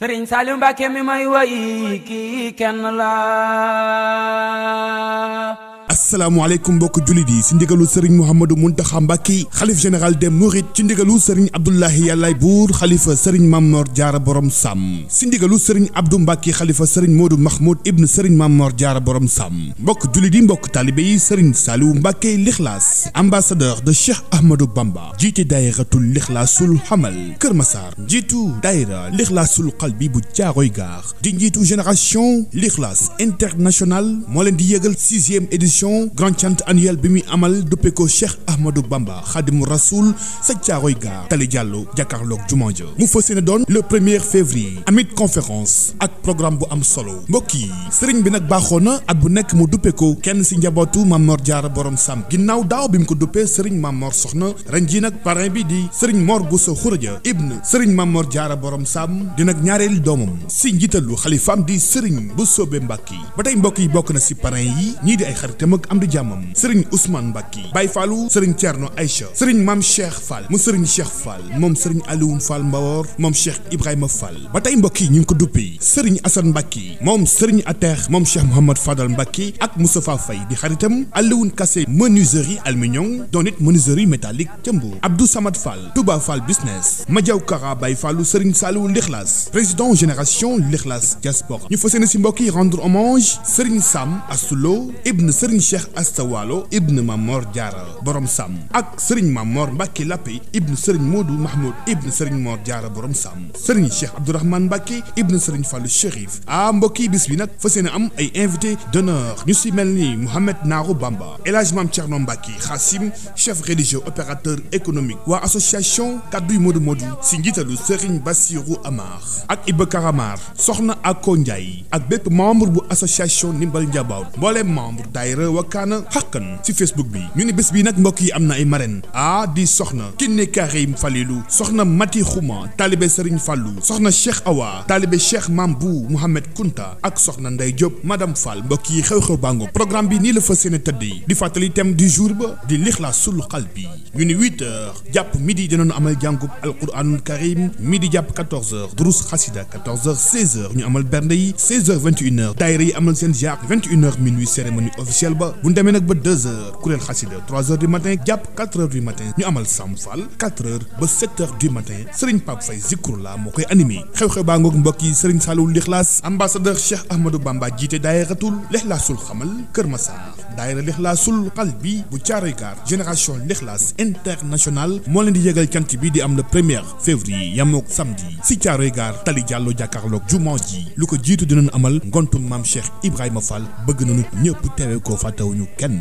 sëriñ Saliou Mbacké mi may woy kii kenn la asalaamaaleykum mbokk jullit yi si ndigalu sëriñ Mouhamadou Mountakha Mbacké xalif général des Mourides ci ndigalu sëriñ Abdoulahi Yàllaay buur xalifa sëriñ Mamor Jaara borom sàmm si ndigalu sëriñ Abdou Mbacké xalifa sëriñ Modou Mahmoud ibn sëriñ Mamor Jaara borom sàmm mbokk jullit yi mbokk taalibé yi sëriñ Saliou Mbacké l'Ikhlas ambassadeur de Cheikh Ahmadou Bamba jiite daayiratul l'Ikhlasul Amal Kër Massar njiitu daayira l'Ikhlasul Qalbi bu Caaroy Gaar di njiitu génération l'Ikhlas international moo leen di yëgal sixième édition édition grand chant annuel bi muy amal duppe ko Cheikh Ahmadou Bamba Khadimu Rasoul sa Caaroy Gaar Tali Diallo jàkkaarloog jumaa ja mu fas yéene doon le premier février amit conférence ak programme bu am solo mbokk yi sëriñ bi nag baaxoon na at bu nekk mu duppe ko kenn si njabootu Mamor Jaara borom Sam ginnaaw daaw bi mu ko duppee sëriñ Mamor Soxna ren ji nag parrain bi di sëriñ Mor Bousso Khourédia ibn sëriñ Mamor Jaara borom Sam di nag ñaareelu doomam si di sëriñ bu soobe si ak am di jàmmam sëriñ Ousmane Mbacke Baye Fallou sëriñ Thierno Aïcha sëriñ Mame Cheikh Fall mu sëriñ Cheikh Fall moom sëriñ Alioune Fall Mbawor moom Cheikh Ibrahima Fall ba tey mbokk yi ñu ngi ko duppee sëriñ Assane Mbacke moom sëriñ Ateex moom Cheikh Mouhamad Fadal Mbacke ak Moustapha Faye di xaritam Alioune Kassé menuiserie aluminium doon it menuiserie métallique ca Mbour Abdou Samad Fall Touba Fall business Madiaw Kara Baye Fallou sëriñ Saliou Lixlaas président génération Lixlaas diaspora ñu fas si mbokk yi rendre Cheikh Asta Waalo ibn Mamor Jaara borom sàmm ak Serigne Mamor Mbacke Lappe ibn Serigne Modou Mahmoud ibn Serigne Mor Jaara borom sàmm Serigne Cheikh Abdourahmane Mbacke ibn Serigne Fallou Chérif ah mbokk yi bis bi nag fas yéene am ay invité d'honneur ñu si mel ni Mouhamed Naaru Bamba El Hadj Mame Thierno Mbacke Xasim religieux opérateur économique waa association kadduy Modou Modou si njiitalu Serigne Bassirou Amar ak Iba Karamar soxna Ako Ndiaye ak bépp membre association ndimbal njaboot mboolee membre daayira wakkaana xàqan ci facebook bi ñu ne bés bi nag mbokk yi am na ay marraine ah di soxna Kiné Karim Falilou soxna Mati Xuma taalibe Serigne Fallou soxna Cheikh Awa taalibe Cheikh Mambou Mouhamed Kunta ak soxna Ndey Diop madame Fall mbokk yi xew-xew bàngo programme bi nii la fa seen tëddee di fàttali thème di jour ba di lixlaa sul xal bi ñu ne huit jàpp midi dinañu amal jàngub alquranul karim midi jàpp quatorze heures durus xasida amal bernde yi daayira yi amal seen ziar 21 heures minuit cérémonie officielle ba bu ñu demee nag ba 2 heures kuréel xasida 3 heures du matin jàpp 4 heures du matin ñu amal Sam Fall 4 heures ba 7 heures du matin Serigne Pape Faye Zikrullah moo koy animé xew-xew baa ngoog mbokk yi Serigne Saliou Lixlaas ambassadeur Cheikh Ahmadou Bamba jiite daayiratul Lixlaasul xamal Kër Massar daayira Lixlaasul xal bi bu Thiaroye Gare génération Lixlaas international moo leen di yëgal cant bi di am le premier février yamook samedi si Thiaroye Gare Tali Diallo jàkkaarloog jumaa ji lu ko jiitu dinañ amal ngontum maam Cheikh Ibrahima Fall bëgg nañu ñëpp teewe ko fàttewuñu kenn